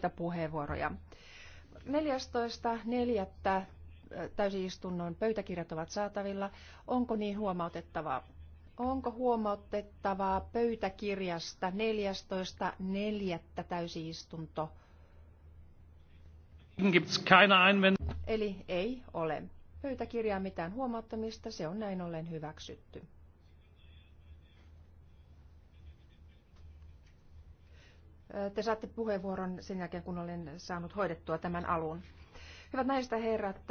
pitää puheenvuoroja. 14.4. Äh, täysistunnon pöytäkirjat ovat saatavilla. Onko niin huomautettavaa? Onko huomautettavaa pöytäkirjasta 14.4. täysistunto? Eli ei ole. Pöytäkirjaa mitään huomauttamista, se on näin ollen hyväksytty. Te saatte puheenvuoron sen jälkeen, kun olen saanut hoidettua tämän alun. Hyvät naiset ja herrat,